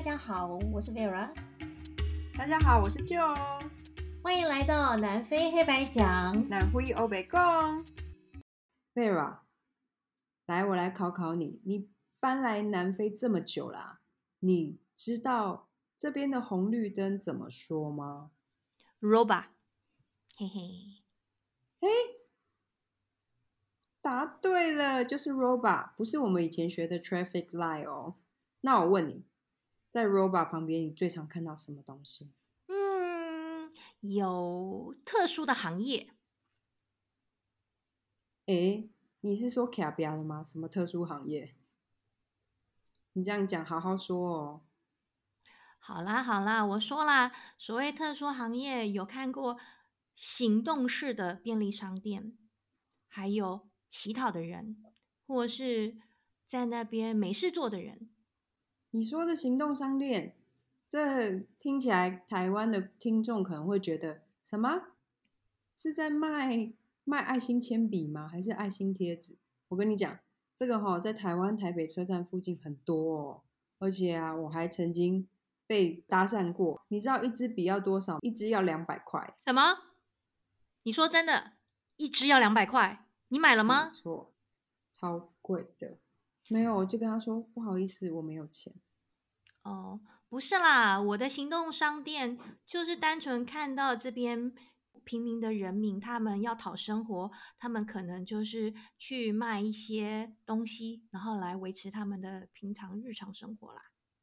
大家好，我是 Vera。大家好，我是 Gio。歡迎來到南非黑白講，南非歐北共。Vera，來，我來考考你。你搬來南非這麼久了，啊，你知道這邊的紅綠燈怎麼說嗎？Robot。 嘿嘿，答對了，就是 Robot，不是我們以前學的 Traffic Light 哦。那我問你。在 robot 旁邊，你最常看到什麼東西？嗯，有特殊的行業。哎，你是說卡比的嗎？什麼特殊行業？你這樣講，好好說哦。好啦好啦，我說啦，所謂特殊行業，有看過行動式的便利商店，還有乞討的人，或是在那邊沒事做的人。你說的行動商店，這聽起來台灣的聽眾可能會覺得什麼？是在賣賣愛心鉛筆嗎？還是愛心貼紙？我跟你講，這個哈，哦，在台灣台北車站附近很多哦，而且啊我還曾經被搭訕過。你知道一支筆要多少？一支要兩百塊。什麼？你說真的？一支要兩百塊？你買了嗎？錯，超貴的。沒有，我就跟他說，不好意思，我沒有錢。哦，不是啦，我的行動商店就是單純看到這邊平民的人民，他們要討生活，他們可能就是去賣一些東西，然後來維持他們的平常日常生活啦。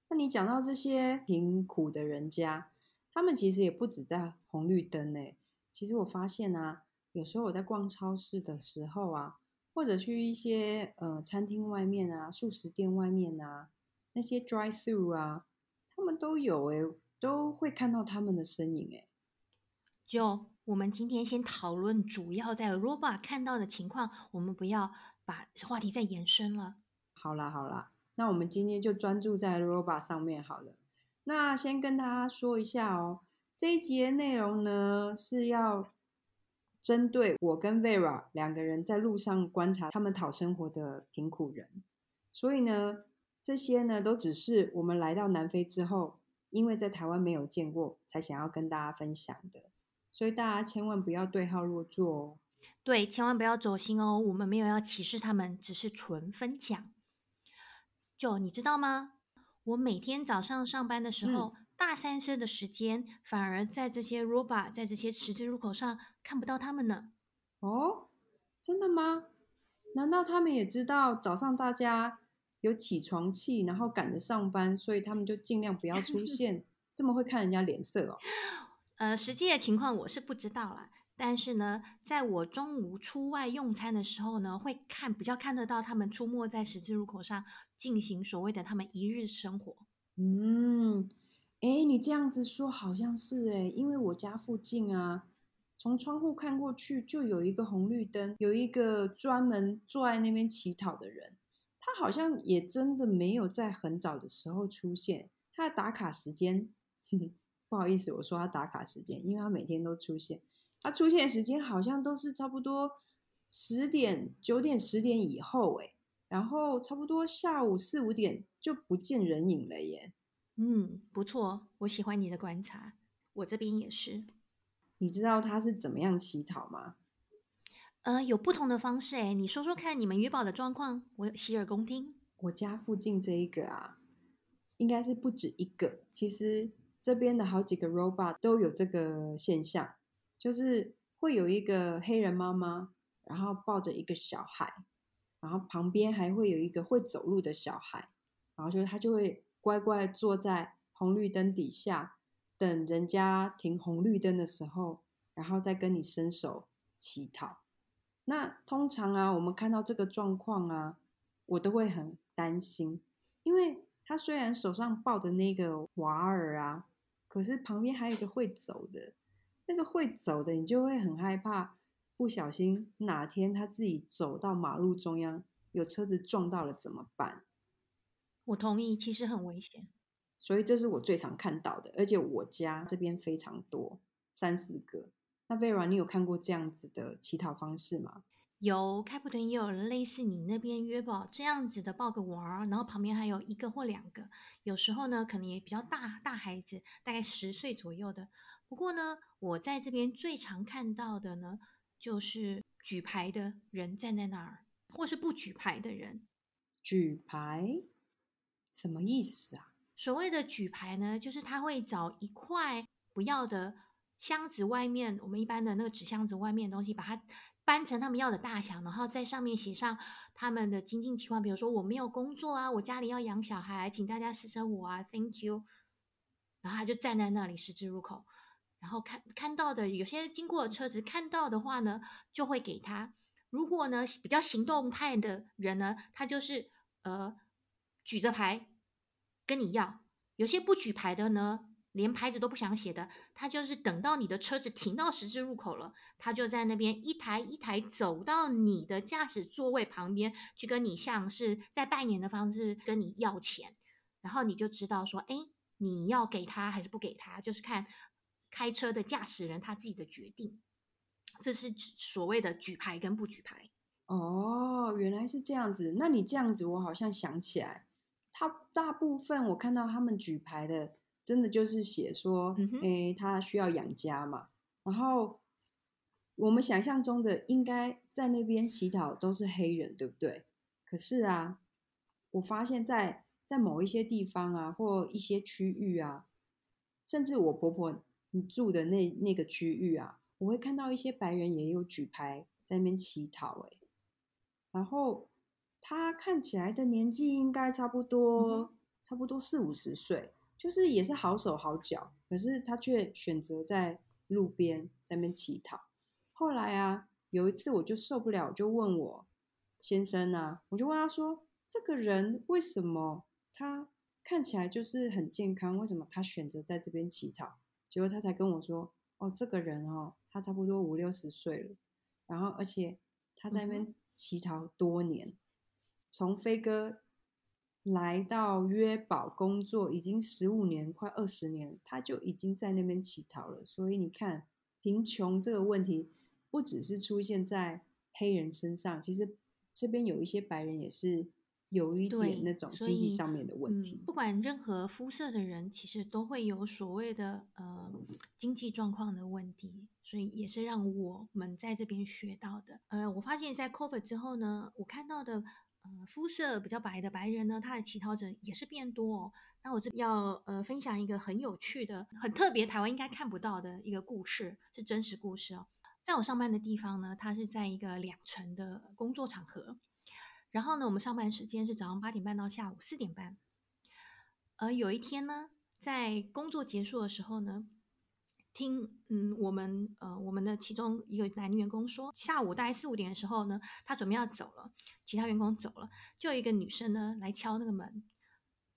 那你講到這些貧苦的人家，他們其實也不止在紅綠燈誒。其實我發現啊，有時候我在逛超市的時候啊。或者去一些呃餐廳外面啊、素食店外面啊、那些 drive through 啊，他們都有、欸、都會看到他們的身影哎、欸。就我們今天先討論主要在 Robot 看到的情況，我們不要把話題再延伸了。好啦好啦，那我們今天就專注在 Robot 上面好了。那先跟大家說一下哦，這一集的內容呢是要。針對我跟 Vera 兩個人在路上觀察他們討生活的貧苦人，所以呢，這些呢都只是我們來到南非之後，因為在台灣沒有見過，才想要跟大家分享的。所以大家千萬不要對號入座哦，對，千萬不要走心哦。我們沒有要歧視他們，只是純分享。就你知道嗎？我每天早上上班的時候。嗯。大三生的時間，反而在這些 roba 在這些十字路口上看不到他們呢？哦，真的嗎？難道他們也知道早上大家有起床氣，然後趕着上班，所以他們就盡量不要出現？ 這麼會看人家臉色哦。呃，實際的情況我是不知道啦，但是呢，在我中午出外用餐的時候呢，會看比較看得到他們出沒在十字路口上進行所謂的他們一日生活。嗯。哎，你這樣子說好像是誒，因為我家附近啊，從窗戶看過去就有一個紅綠燈，有一個專門坐在那邊乞討的人，他好像也真的沒有在很早的時候出現。他的打卡時間，呵呵不好意思，我說他打卡時間，因為他每天都出現，他出現的時間好像都是差不多十點、九點、十點以後哎，然後差不多下午四五點就不見人影了耶。嗯，不錯，我喜歡你的觀察。我這邊也是。你知道他是怎麼樣乞討嗎？呃，有不同的方式哎。你說說看，你們魚寶的狀況，我洗耳恭聽。我家附近這一個啊，應該是不止一個。其實這邊的好幾個 robot 都有這個現象，就是會有一個黑人媽媽，然後抱着一個小孩，然後旁邊還會有一個會走路的小孩，然後就是他就會。乖乖坐在紅綠燈底下，等人家停紅綠燈的時候，然後再跟你伸手乞討。那通常啊，我們看到這個狀況啊，我都會很擔心，因為他雖然手上抱的那個娃兒啊，可是旁邊還有一個會走的，那個會走的，你就會很害怕，不小心哪天他自己走到馬路中央，有車子撞到了怎麼辦？我同意，其實很危險。所以這是我最常看到的，而且我家這邊非常多，三四個。那 Vera，你有看過這樣子的乞討方式嗎？有，開普敦也有類似你那邊約抱這樣子的抱個娃兒，然後旁邊還有一個或兩個。有時候呢，可能也比較大大孩子，大概十歲左右的。不過呢，我在這邊最常看到的呢，就是舉牌的人站在那兒，或是不舉牌的人舉牌。什麼意思啊？所謂的舉牌呢，就是他會找一塊不要的箱子外面，我們一般的那個紙箱子外面的東西，把它搬成他們要的大小，然後在上面寫上他們的經濟情況，比如說我沒有工作啊，我家裡要養小孩，請大家施捨我啊，Thank you。然後他就站在那裡，十字路口，然後看看到的有些經過的車子看到的話呢，就會給他。如果呢比較行動派的人呢，他就是呃。舉着牌跟你要，有些不舉牌的呢，連牌子都不想寫的，他就是等到你的車子停到十字路口了，他就在那邊一台一台走到你的駕駛座位旁邊去，跟你像是在拜年的方式跟你要錢，然後你就知道說，誒，你要給他還是不給他，就是看開車的駕駛人他自己的決定。這是所謂的舉牌跟不舉牌。哦，原來是這樣子。那你這樣子，我好像想起來。他大部分我看到他們舉牌的，真的就是寫說，哎、嗯哼欸，他需要養家嘛。然後我們想象中的應該在那邊乞討都是黑人，對不對？可是啊，我發現在在某一些地方啊，或一些區域啊，甚至我婆婆住的那那個區域啊，我會看到一些白人也有舉牌在那邊乞討，欸，哎，然後。他看起來的年紀應該差不多，嗯哼，差不多四五十歲，就是也是好手好腳，可是他卻選擇在路邊在那邊乞討。後來啊，有一次我就受不了，就問我先生啊，我就問他說：“這個人為什麼他看起來就是很健康？為什麼他選擇在這邊乞討？”結果他才跟我說：“哦，這個人哦，他差不多五六十歲了，然後而且他在那邊乞討多年。嗯”從飛哥來到約堡工作已經十五年，快二十年，他就已經在那邊乞討了。所以你看，貧窮這個問題不只是出現在黑人身上，其實這邊有一些白人也是有一點那種經濟上面的問題。嗯、不管任何膚色的人，其實都會有所謂的呃經濟狀況的問題，所以也是讓我們在這邊學到的。呃，我發現，在 COVID 之後呢，我看到的。呃、膚色比較白的白人呢，他的乞討者也是變多哦。那我這要呃分享一個很有趣的、很特別，台灣應該看不到的一個故事，是真實故事哦。在我上班的地方呢，它是在一個兩層的工作場合。然後呢，我們上班時間是早上八點半到下午四點半。而有一天呢，在工作結束的時候呢。聽，嗯，我們呃，我們的其中一個男員工說，下午大概四五點的時候呢，他準備要走了，其他員工走了，就有一個女生呢來敲那個門，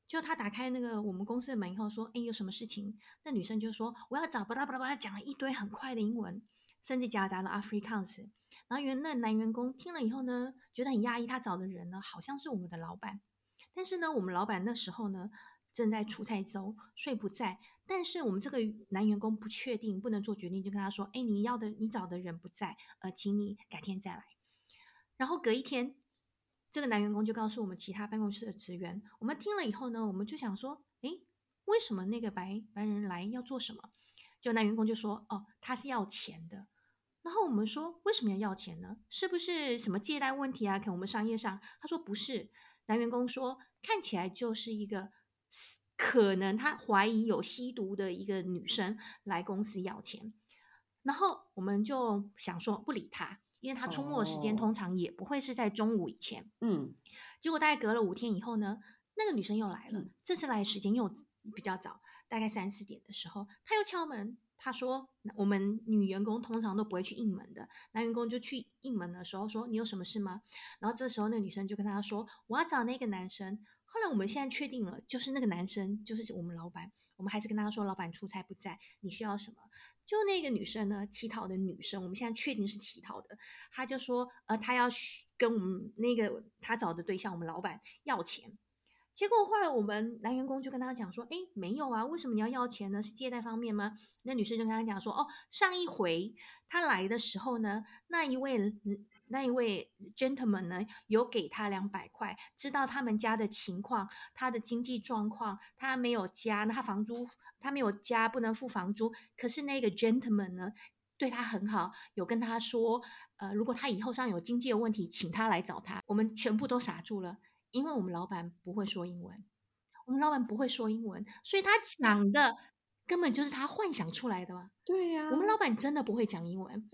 就他打開那個我們公司的門以後說，哎，有什麼事情？那女生就說我要找，巴拉巴拉巴拉，講了一堆很快的英文，甚至夾雜了 Afrikaans，然後原那男員工聽了以後呢，覺得很訝異，他找的人呢好像是我們的老闆，但是呢，我們老闆那時候呢正在出差中，所以不在。但是我們這個男員工不確定，不能做決定，就跟他說：“哎，你要的你找的人不在，呃，請你改天再來。”然後隔一天，這個男員工就告訴我們其他辦公室的職員。我們聽了以後呢，我們就想說：“誒，為什麼那個白白人來要做什麼？”就男員工就說：“哦，他是要錢的。”然後我們說：“為什麼要要錢呢？是不是什麼借貸問題啊？可能我們商業上？”他說：“不是。”男員工說：“看起來就是一個。”可能他懷疑有吸毒的一個女生來公司要錢，然後我們就想說不理他，因為他出沒時間通常也不會是在中午以前。哦、嗯，結果大概隔了五天以後呢，那個女生又來了，嗯、這次來的時間又比較早，大概三四點的時候，他又敲門。他說：“我們女員工通常都不會去應門的，男員工就去應門的時候說：‘你有什麼事嗎？’然後這時候那女生就跟他說：‘我要找那個男生。’後來我們現在確定了，就是那個男生，就是我們老闆。我們還是跟他說，老闆出差不在，你需要什麼？就那個女生呢，乞討的女生，我們現在確定是乞討的。他就說，呃，他要跟我們那個他找的對象，我們老闆要錢。結果後來我們男員工就跟他講說，誒，沒有啊，為什麼你要要錢呢？是借貸方面嗎？那女生就跟他講說，哦，上一回他來的時候呢，那一位。那一位 gentleman 呢，有給他兩百塊，知道他們家的情況，他的經濟狀況，他沒有家，那他房租，他沒有家，不能付房租。可是那個 gentleman 呢，對他很好，有跟他說，呃，如果他以後上有經濟的問題，請他來找他。我們全部都傻住了，因為我們老板不會說英文，我們老板不會說英文，所以他講的。根本就是他幻想出來的嘛，對呀、啊，我們老闆真的不會講英文。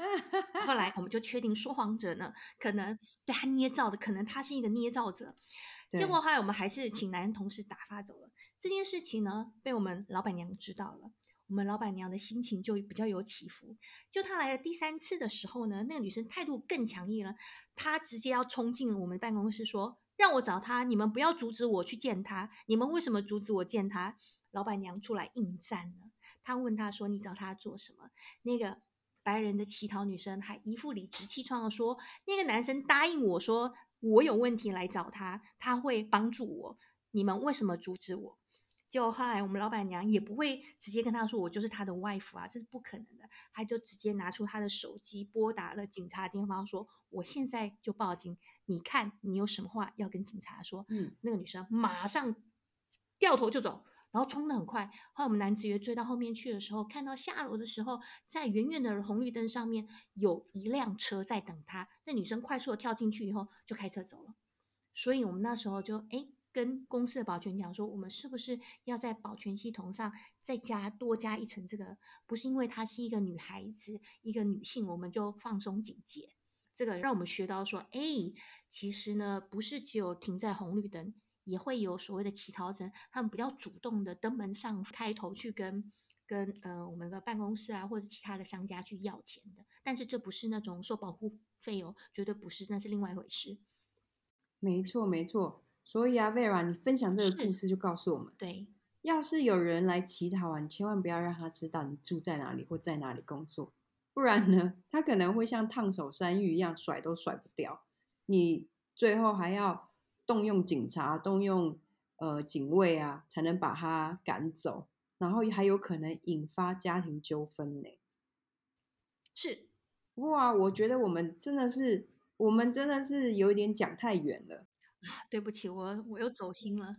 後來我們就確定，說謊者呢，可能被他捏造的，可能他是一個捏造者。對結果後來我們還是請男同事打發走了。這件事情呢，被我們老闆娘知道了，我們老闆娘的心情就比較有起伏。就他來了第三次的時候呢，那個女生態度更強硬了，她直接要衝進我們辦公室說：“讓我找他，你們不要阻止我去見他，你們為什麼阻止我見他？”老闆娘出來應戰了，她問他說：“你找她做什麼？”那個白人的乞討女生還一副理直氣壯地說：“那個男生答應我說，我有問題來找他，他會幫助我。你們為什麼阻止我？”就後來我們老闆娘也不會直接跟他說：“我就是他的 wife 啊，這是不可能的。”她就直接拿出她的手機撥打了警察電話，說：“我現在就報警，你看你有什麼話要跟警察說？”嗯，那個女生馬上掉頭就走。然後衝得很快，後來我們男職員追到後面去的時候，看到下樓的時候，在遠遠的紅綠燈上面有一輛車在等他。那女生快速的跳進去以後就開車走了。所以我們那時候就誒跟公司的保全講說，我們是不是要在保全系統上再加多加一層這個？不是因為她是一個女孩子，一個女性，我們就放鬆警戒。這個讓我們學到說，誒，其實呢，不是只有停在紅綠燈。也會有所謂的乞討者，他們比較主動的登門上開頭去跟跟呃我們的辦公室啊，或者其他的商家去要錢的。但是這不是那種收保護費哦，絕對不是，那是另外一回事。沒錯，沒錯。所以啊，Vera，你分享這個故事就告訴我們，對，要是有人來乞討啊，你千萬不要讓他知道你住在哪裡或在哪裡工作，不然呢，他可能會像燙手山芋一樣甩都甩不掉。你最後還要。動用警察，動用呃警衛啊，才能把他趕走，然後還有可能引發家庭糾紛呢。是，不過啊，我覺得我們真的是，我們真的是有點講太遠了。對不起，我我又走心了。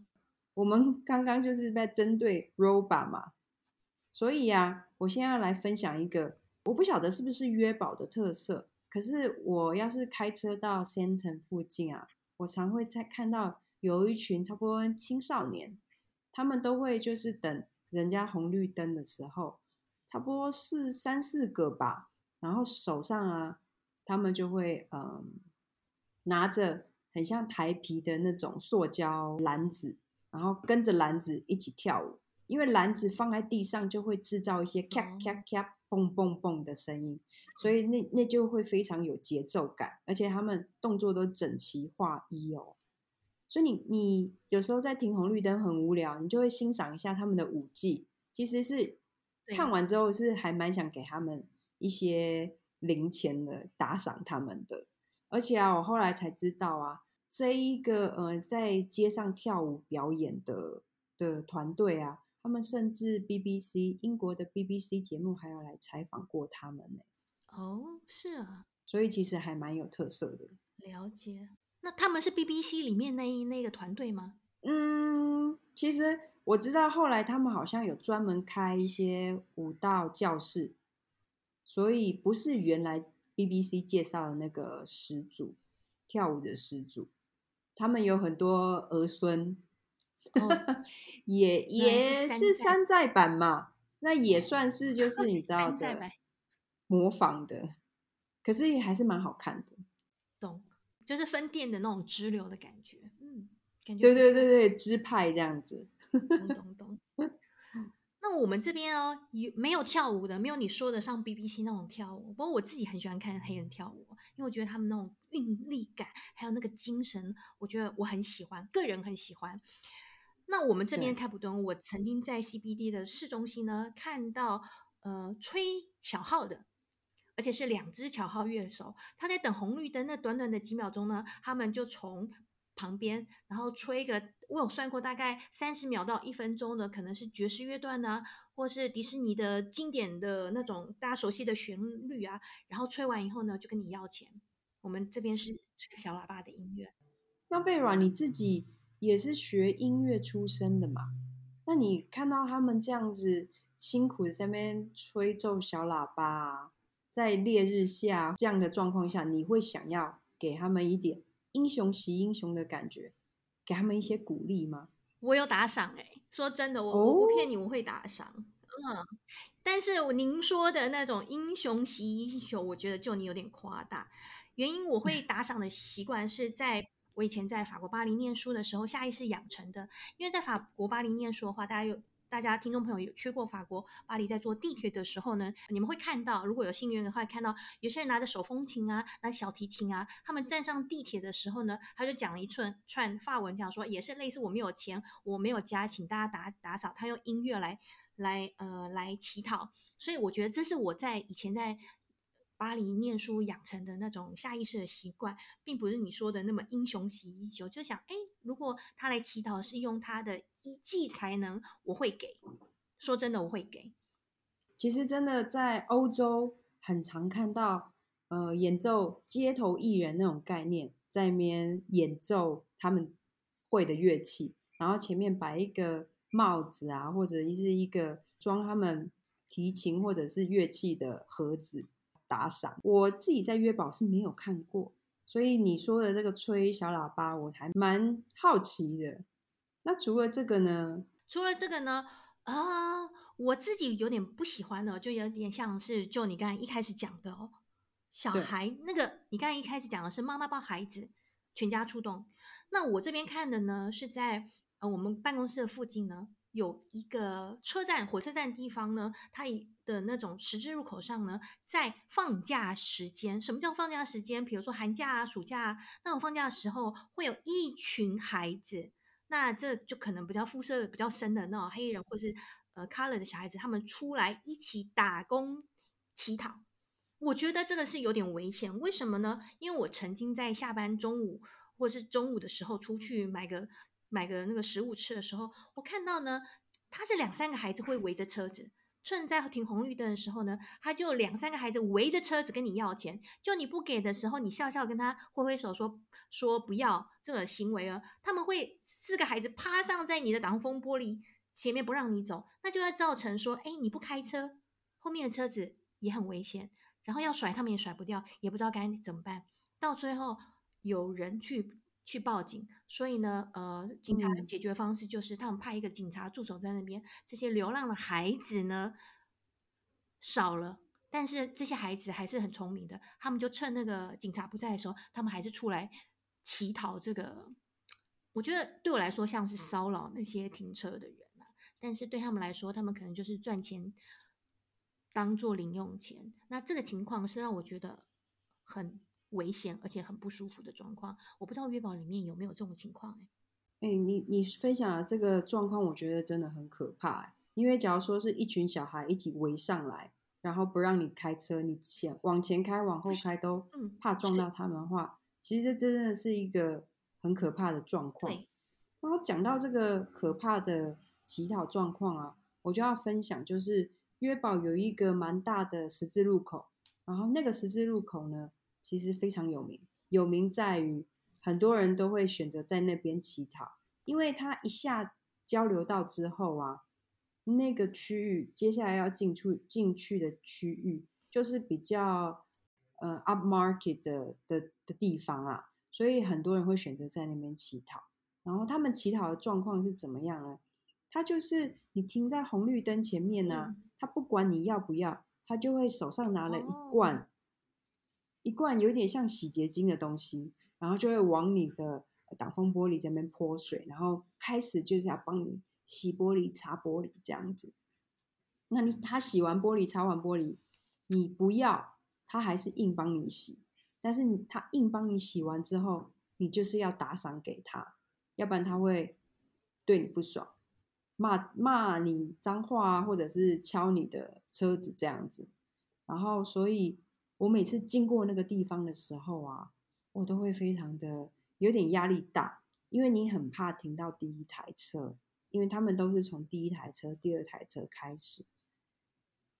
我們剛剛就是在針對 Roba 嘛，所以呀，啊，我現在要來分享一個，我不曉得是不是約堡的特色，可是我要是開車到 Sandton 附近啊。我常會在看到有一群，差不多青少年，他們都會就是等人家紅綠燈的時候，差不多是三四個吧，然後手上啊，他們就會嗯拿着很像台皮的那種塑膠籃子，然後跟着籃子一起跳舞，因為籃子放在地上就會製造一些咔咔咔。蹦蹦蹦的聲音，所以那那就會非常有節奏感，而且他們動作都整齊劃一哦。所以你你有時候在停紅綠燈很無聊，你就會欣賞一下他們的舞技。其實是看完之後是還蠻想給他們一些零錢的打賞他們的。對而且啊，我後來才知道啊，這一個呃在街上跳舞表演的的團隊啊。他們甚至 BBC 英國的 BBC 節目還要來採訪過他們呢、欸。哦，oh, 是啊，所以其實還蠻有特色的。了解，那他們是 BBC 裡面那那個團隊嗎？嗯，其實我知道後來他們好像有專門開一些舞蹈教室，所以不是原來 BBC 介紹的那個始祖，跳舞的始祖，他們有很多兒孫。哦、 也，嗯、也是山寨，山寨版嘛，那也算是就是你知道的山寨模仿的，可是也還是蠻好看的。懂，就是分店的那種支流的感覺，嗯，感覺對對對對，支派這樣子。懂懂懂。懂懂 那我們這邊哦，有沒有跳舞的？沒有你說的像 BBC 那種跳舞，不過我自己很喜歡看黑人跳舞，因為我覺得他們那種韻律感，還有那個精神，我覺得我很喜歡，個人很喜歡。那我們這邊開普敦，對我曾經在 CBD 的市中心呢，看到呃吹小號的，而且是兩隻小號樂手，他在等紅綠燈。那短短的幾秒鐘呢，他們就從旁邊，然後吹一個。我有算過，大概三十秒到一分鐘的，可能是爵士樂段啊，或是迪士尼的經典的那種大家熟悉的旋律啊。然後吹完以後呢，就跟你要錢。我們這邊是這個小喇叭的音樂。那 Vera，你自己。也是學音樂出身的嘛？那你看到他們這樣子辛苦的在那邊吹奏小喇叭、啊，在烈日下這樣的狀況下，你會想要給他們一點英雄惜英雄的感覺，給他們一些鼓勵嗎？我有打賞誒、欸。說真的，我我不騙你，我會打賞。哦、嗯，但是您說的那種英雄惜英雄，我覺得就你有點誇大。原因，我會打賞的習慣是在。嗯我以前在法國巴黎念書的時候，下意識養成的。因為在法國巴黎念書的話，大家有大家聽眾朋友有去過法國巴黎，在坐地鐵的時候呢，你們會看到，如果有幸運的話，看到有些人拿着手風琴啊，拿小提琴啊，他們站上地鐵的時候呢，他就講了一串串法文，這樣說也是類似我沒有錢，我沒有家，請大家打打賞。他用音樂來來呃來乞討，所以我覺得這是我在以前在。巴黎念書養成的那種下意識的習慣，並不是你說的那麼英雄惜英雄，就想哎，如果他來乞討是用他的一技才能，我會給。說真的，我會給。其實真的在歐洲很常看到，呃，演奏街頭藝人那種概念，在面演奏他們會的樂器，然後前面擺一個帽子啊，或者是一個裝他們提琴或者是樂器的盒子。打賞，我自己在約堡是沒有看過，所以你說的這個吹小喇叭，我還蠻好奇的。那除了這個呢？除了這個呢？啊、呃，我自己有點不喜歡的，就有點像是就你剛才一開始講的哦，小孩對那個，你剛才一開始講的是媽媽抱孩子，全家出動。那我這邊看的呢，是在呃我們辦公室的附近呢。有一個車站，火車站地方呢，它的那種十字路口上呢，在放假時間，什麼叫放假時間？比如說寒假啊、暑假啊那種放假的時候，會有一群孩子，那這就可能比較膚色比較深的那種黑人，或是呃 color 的小孩子，他們出來一起打工乞討，我覺得這個是有點危險。為什麼呢？因為我曾經在下班中午，或是中午的時候出去買個。買個那個食物吃的時候，我看到呢，他是兩三個孩子會圍着車子，趁在停紅綠燈的時候呢，他就兩三個孩子圍着車子跟你要錢，就你不給的時候，你笑笑跟他揮揮手說說不要，這個行為哦，他們會四個孩子趴上在你的擋風玻璃前面不讓你走，那就會造成說，哎，你不開車，後面的車子也很危險，然後要甩他們也甩不掉，也不知道該怎麼辦，到最後有人去。去報警，所以呢，呃，警察的解決方式就是他們派一個警察駐守在那邊。這些流浪的孩子呢，少了，但是這些孩子還是很聰明的，他們就趁那個警察不在的時候，他們還是出來乞討。這個我覺得對我來說像是騷擾那些停車的人啊，嗯、但是對他們來說，他們可能就是賺錢當做零用錢。那這個情況是讓我覺得很。危險而且很不舒服的狀況，我不知道約堡裡面有沒有這種情況哎、欸欸？你你分享的這個狀況，我覺得真的很可怕、欸。因為假如說是一群小孩一起圍上來，然後不讓你開車，你前往前開、往後開都怕撞到他們的話，其實這真的是一個很可怕的狀況。對然後講到這個可怕的乞討狀況啊，我就要分享，就是約堡有一個蠻大的十字路口，然後那個十字路口呢。其實非常有名，有名在於很多人都會選擇在那邊乞討，因為他一下交流道之後啊，那個區域接下來要進出進去的區域就是比較呃 up market 的、的，的地方啊，所以很多人會選擇在那邊乞討。然後他們乞討的狀況是怎麼樣呢？他就是你停在紅綠燈前面呢，啊，他不管你要不要，他就會手上拿了一罐，哦。一罐有點像洗潔精的東西，然後就會往你的擋風玻璃這邊潑水，然後開始就是要幫你洗玻璃、擦玻璃這樣子。那你他洗完玻璃、擦完玻璃，你不要，他還是硬幫你洗。但是他硬幫你洗完之後，你就是要打賞給他，要不然他會對你不爽，罵罵你髒話啊，或者是敲你的車子這樣子。然後所以。我每次經過那個地方的時候啊，我都會非常的有點壓力大，因為你很怕停到第一台車，因為他們都是從第一台車、第二台車開始。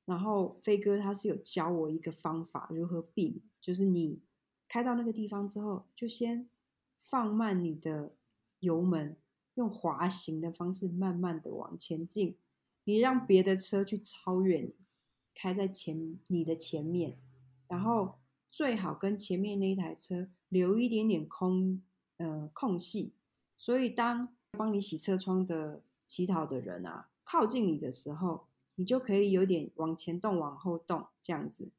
然後飛哥他是有教我一個方法，如何避免，就是你開到那個地方之後，就先放慢你的油門，用滑行的方式慢慢的往前進，你讓別的車去超越你，開在前，你的前面。然後最好跟前面那一台車留一點點空，呃，空隙。所以當幫你洗車窗的乞討的人啊靠近你的時候，你就可以有點往前動、往後動這樣子，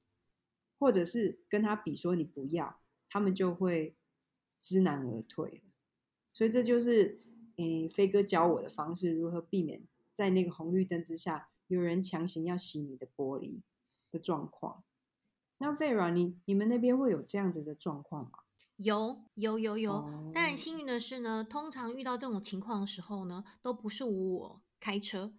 或者是跟他比說你不要，他們就會知難而退。所以這就是誒、呃、飛哥教我的方式，如何避免在那個紅綠燈之下有人強行要洗你的玻璃的狀況。那 Vera 你你們那邊會有這樣子的狀況嗎？有有有有，有有有 oh. 但幸運的是呢，通常遇到這種情況的時候呢，都不是我開車。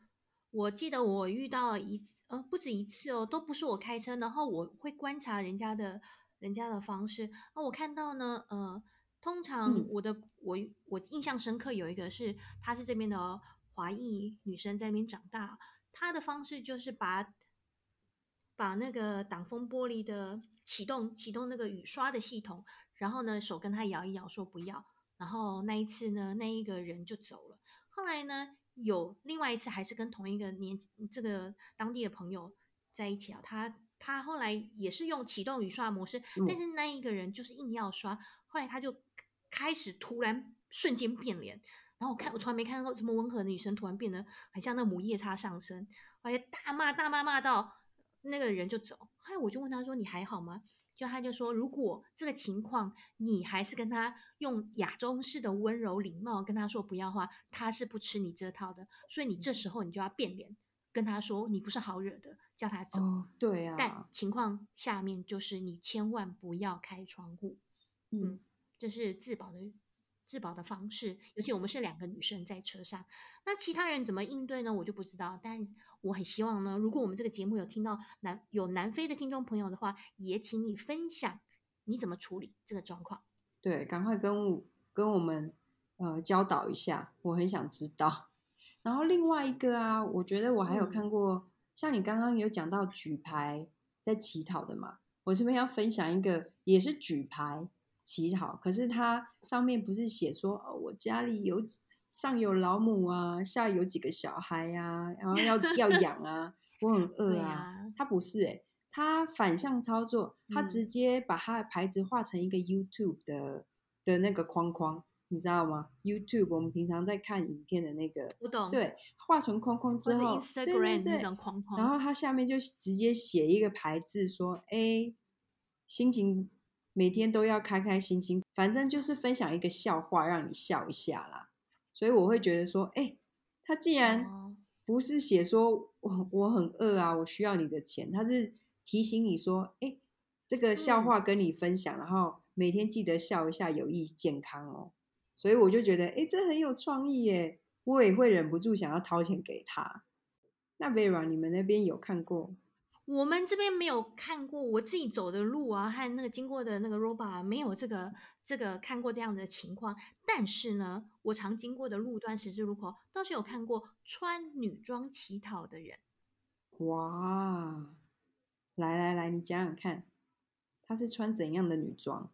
我記得我遇到一呃不止一次哦，都不是我開車，然後我會觀察人家的，人家的方式。那、啊、我看到呢，呃，通常我的我我印象深刻有一個是，嗯、她是這邊的華裔女生在那邊長大，她的方式就是把。把那個擋風玻璃的啟動啟動那個雨刷的系統，然後呢手跟他搖一搖說不要，然後那一次呢那一個人就走了。後來呢有另外一次還是跟同一個年這個當地的朋友在一起啊，他他後來也是用啟動雨刷模式，嗯、但是那一個人就是硬要刷，後來他就開始突然瞬間變臉，然後我看我從來沒看過這麼溫和的女生突然變得很像那母夜叉上身，而且大罵大罵罵到那個人就走，後來我就問他說：“你還好嗎？”就他就說：“如果這個情況，你還是跟他用亞洲式的溫柔禮貌跟他說不要話，他是不吃你這套的。所以你這時候你就要變臉，嗯、跟他說你不是好惹的，叫他走。哦、對啊，但情況下面就是你千萬不要開窗戶，嗯，這、嗯、是自保的。”自保的方式，尤其我們是兩個女生在車上，那其他人怎麼應對呢？我就不知道，但我很希望呢，如果我們這個節目有聽到南有南非的聽眾朋友的話，也請你分享你怎麼處理這個狀況。對，趕快跟跟我們呃教導一下，我很想知道。然後另外一個啊，我覺得我還有看過，嗯，像你剛剛有講到舉牌在乞討的嘛，我這邊要分享一個也是舉牌。乞討，可是他上面不是寫說哦，我家裡有上有老母啊，下有幾個小孩啊，然後要要養啊， 我很餓啊。啊他不是哎、欸，他反向操作，他直接把他的牌子畫成一個 YouTube 的的那個框框，你知道嗎？YouTube 我們平常在看影片的那個，不懂。對，畫成框框之後，Instagram 對那種框框，然後他下面就直接寫一個牌子說哎，心情。每天都要開開心心，反正就是分享一個笑話讓你笑一下啦。所以我會覺得說，哎、欸，他既然不是寫說我我很餓啊，我需要你的錢，他是提醒你說，哎、欸，這個笑話跟你分享，嗯、然後每天記得笑一下有益健康哦。所以我就覺得，哎、欸，這很有創意耶，我也會忍不住想要掏錢給他。那 Vera 你們那邊有看過？我們這邊沒有看過，我自己走的路啊，和那個經過的那個 robot、啊、沒有這個這個看過這樣的情況。但是呢，我常經過的路段、十字路口倒是有看過穿女裝乞討的人。哇！來來來，你講講看，他是穿怎樣的女裝？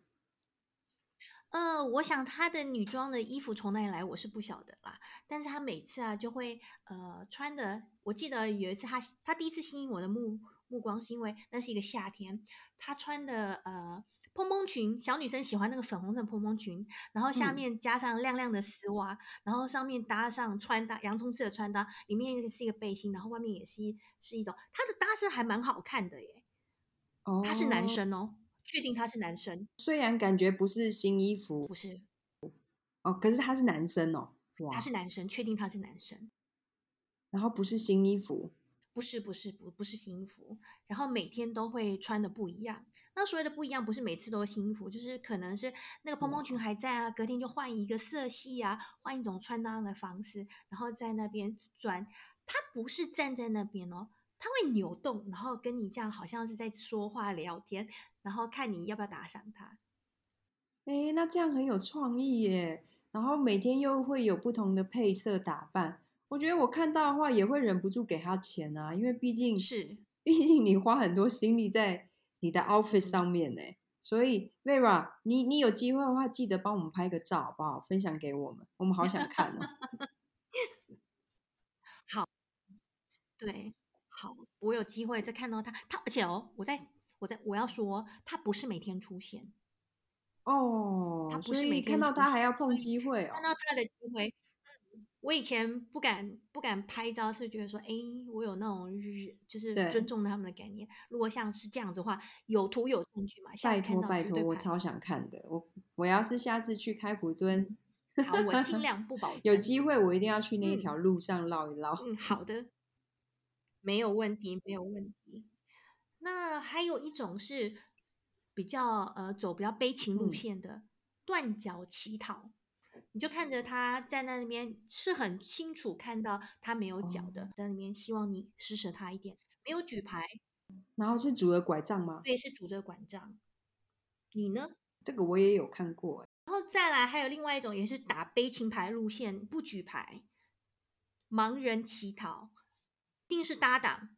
呃，我想他的女裝的衣服從哪裡來，我是不曉得啦。但是他每次啊就會呃穿的，我記得有一次他他第一次吸引我的目。目光是因為那是一個夏天，她穿的呃蓬蓬裙，小女生喜歡那個粉紅色的蓬蓬裙，然後下面加上亮亮的絲襪，嗯、然後上面搭上穿搭洋蔥式的穿搭，裡面是一個背心，然後外面也是一是一種，他的搭色還蠻好看的耶。哦，他是男生哦，確定他是男生。雖然感覺不是新衣服。不是哦，可是他是男生哦。哇，他是男生，確定他是男生。然後不是新衣服。不是不是不，不是新衣服，然後每天都會穿的不一樣。那所謂的不一樣，不是每次都新衣服，就是可能是那個蓬蓬裙還在啊，隔天就換一個色系啊，換一種穿搭的方式，然後在那邊轉。他不是站在那邊哦，他會扭動，然後跟你這樣好像是在說話聊天，然後看你要不要打賞他。誒，那這樣很有創意耶！然後每天又會有不同的配色打扮。我覺得我看到的話也會忍不住給他錢啊，因為畢竟是畢竟你花很多心力在你的 office 上面呢、欸，所以 Vera，你你有機會的話記得幫我們拍個照好不好？分享給我們，我們好想看哦、啊。 好，對，好，我有機會再看到他，他而且哦，我在，我在，我,在我要說，他不是每天出現哦，他不是每天出現，看到他還要碰機會哦，看到他的機會。我以前不敢不敢拍照，是覺得說，哎，我有那種就是尊重他們的概念。對如果像是這樣子的話，有圖有證據嘛？拜託下次拜託，我超想看的。我我要是下次去開普敦， 好，我盡量不保證。 有機會我一定要去那條路上繞一繞、嗯。嗯，好的，沒有問題，沒有問題。那還有一種是比較呃走比較悲情路線的、嗯、斷腳乞討。你就看着他在那裡面，是很清楚看到他沒有腳的，哦、在那邊希望你施捨他一點，沒有舉牌，然後是拄着拐杖嗎？對，是拄着拐杖。你呢？這個我也有看過。然後再來還有另外一種，也是打悲情牌路線，不舉牌，盲人乞討，定是搭檔。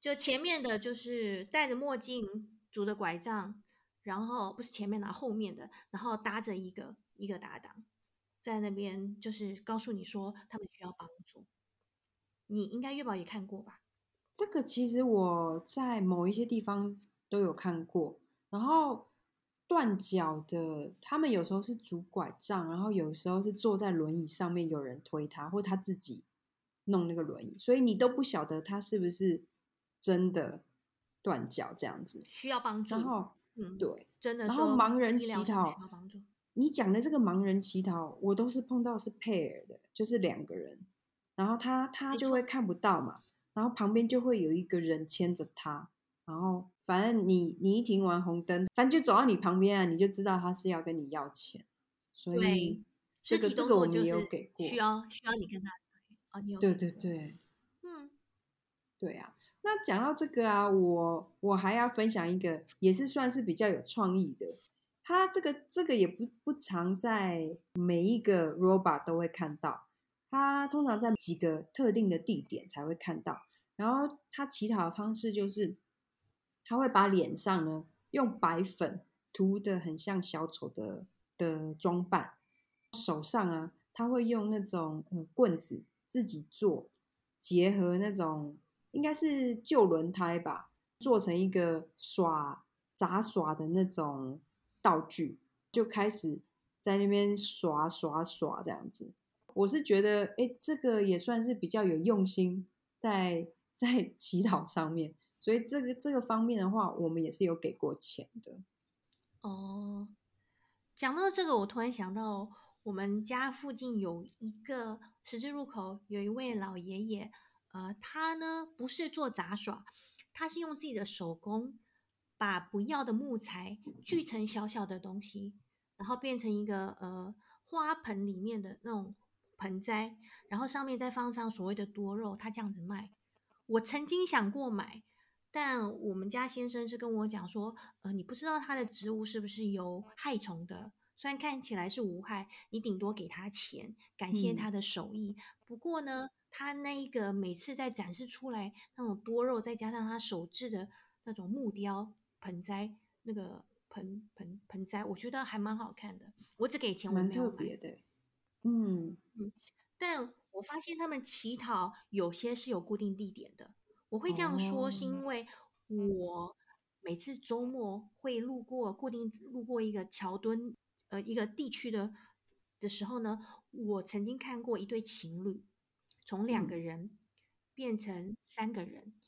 就前面的就是戴着墨鏡，拄着拐杖，然後不是前面，然後，後面的，然後搭着一個一個搭檔。在那邊就是告訴你說，他們需要幫助，你應該月寶也看過吧？這個其實我在某一些地方都有看過。然後斷腳的，他們有時候是拄拐杖，然後有時候是坐在輪椅上面，有人推他，或他自己弄那個輪椅，所以你都不曉得他是不是真的斷腳這樣子，需要幫助。然後，嗯，對，真的。然後盲人乞討需要幫助。你講的這個盲人乞討，我都是碰到是 pair 的，就是兩個人，然後他他就會看不到嘛，然後旁邊就會有一個人牽着他，然後反正你你一停完紅燈，反正就走到你旁邊啊，你就知道他是要跟你要錢，所以這個對這個我們有給過，需要需要你跟他對，哦，你有給過，對對對，嗯，對啊，那講到這個啊，我我還要分享一個，也是算是比較有創意的。他這個這個也不不常，在每一個 robot 都會看到，他通常在幾個特定的地點才會看到。然後他乞討的方式就是，他會把臉上呢用白粉塗的很像小丑的的裝扮，手上啊他會用那種、嗯、棍子自己做，結合那種應該是舊輪胎吧，做成一個耍雜耍的那種。道具，就開始在那邊耍耍耍這樣子，我是覺得誒，這個也算是比較有用心在在乞討上面，所以這個這個方面的話，我們也是有給過錢的。哦，講到這個，我突然想到，我們家附近有一個十字路口，有一位老爺爺，呃，他呢不是做雜耍，他是用自己的手工，把不要的木材鋸成小小的東西，然後變成一個呃花盆裡面的那種盆栽，然後上面再放上所謂的多肉，他這樣子賣。我曾經想過買，但我們家先生是跟我講說，呃，你不知道他的植物是不是有害蟲的，雖然看起來是無害，你頂多給他錢，感謝他的手藝。嗯。不過呢，他那一個每次在展示出來那種多肉，再加上他手制的那種木雕。盆栽那個盆盆盆栽，我覺得還蠻好看的。我只給錢，我沒有買。蠻特別的，嗯嗯。但我發現他們乞討有些是有固定地點的。我會這樣說，是、哦、因為我每次周末會路過固定路過一個橋墩，呃，一個地區的的時候呢，我曾經看過一對情侶從兩個人變成三個人。嗯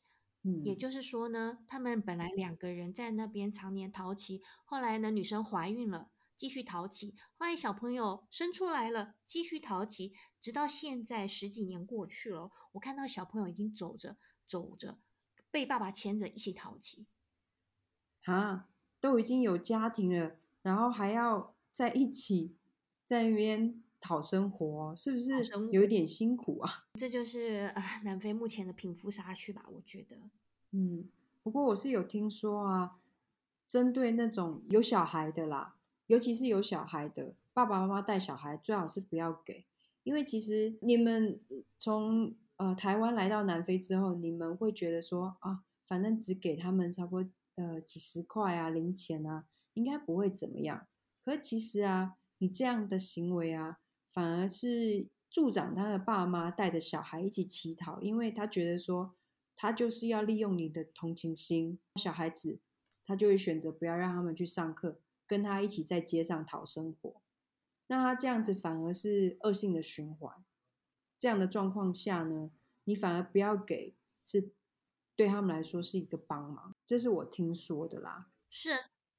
也就是說呢，他們本來兩個人在那邊常年乞討，後來呢，女生懷孕了，繼續乞討，後來小朋友生出來了，繼續乞討，直到現在十幾年過去了，我看到小朋友已經走着走着，被爸爸牽着一起乞討，啊，都已經有家庭了，然後還要在一起在那邊。好生活，哦，是不是有一點辛苦啊？這就是南非目前的貧富差距吧，我覺得。嗯，不過我是有聽說啊，針對那種有小孩的啦，尤其是有小孩的，爸爸媽媽帶小孩最好是不要給，因為其實你們從呃台灣來到南非之後，你們會覺得說啊，反正只給他們差不多呃幾十塊啊零錢啊，應該不會怎麼樣。可其實啊，你這樣的行為啊。反而是助長他的爸媽帶着小孩一起乞討，因為他覺得說他就是要利用你的同情心，小孩子他就會選擇不要讓他們去上課，跟他一起在街上討生活。那他這樣子反而是惡性的循環。這樣的狀況下呢，你反而不要給，是對他們來說是一個幫忙。這是我聽說的啦。是，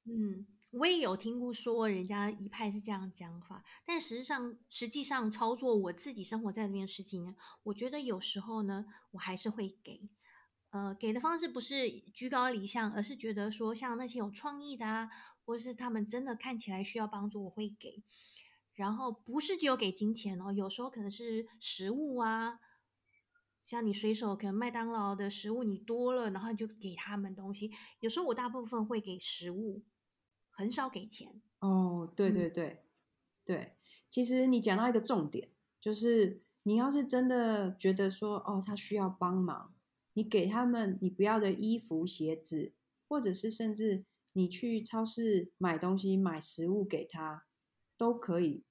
嗯。我也有聽過說人家一派是這樣講法，但實際上，實際上操作，我自己生活在這邊十幾年，我覺得有時候呢，我還是會給，呃，給的方式不是居高臨下，而是覺得說像那些有創意的啊，或者是他們真的看起來需要幫助，我會給。然後不是只有給金錢哦，有時候可能是食物啊，像你隨手可能麥當勞的食物你多了，然後就給他們東西。有時候我大部分會給食物。很少給錢哦，對對對、嗯、對，其實你講到一個重點，就是你要是真的覺得說哦，他需要幫忙，你給他們你不要的衣服、鞋子，或者是甚至你去超市買東西買食物給他，都可以，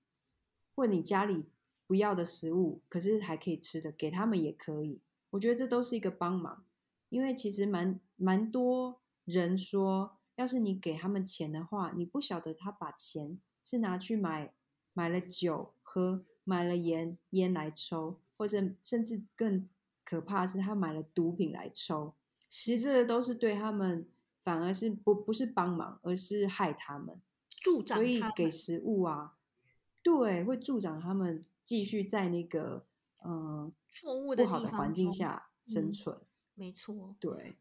或你家裡不要的食物，可是還可以吃的，給他們也可以。我覺得這都是一個幫忙，因為其實蠻蠻多人說。要是你給他們錢的話，你不曉得他把錢是拿去買買了酒喝，買了煙煙來抽，或者甚至更可怕是，他買了毒品來抽。是其實這個都是對他們反而是不不是幫忙，而是害他們，助長他們。所以給食物啊，對，會助長他們繼續在那個嗯錯誤的不好的環境下生存。嗯，沒錯。對。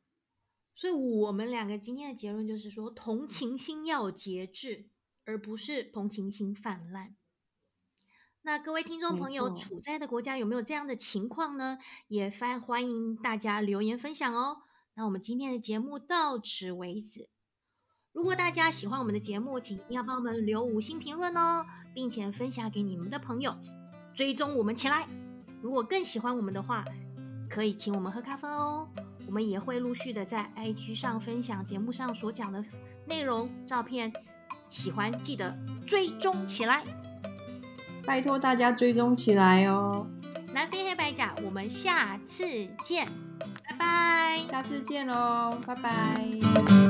所以我們兩個今天的結論就是說，同情心要節制，而不是同情心泛濫。那各位聽眾朋友，沒錯。處在的國家有沒有這樣的情況呢？也歡歡迎大家留言分享哦。那我們今天的節目到此為止。如果大家喜歡我們的節目，請一定要幫我們留五星評論哦，並且分享給你們的朋友，追蹤我們起來。如果更喜歡我們的話，可以請我們喝咖啡哦。我們也會陸續的在 IG 上分享節目上所講的內容、照片，喜歡記得追蹤起來，拜托大家追蹤起來哦。南非黑白講，我們下次見，拜拜，下次見嘍，拜拜。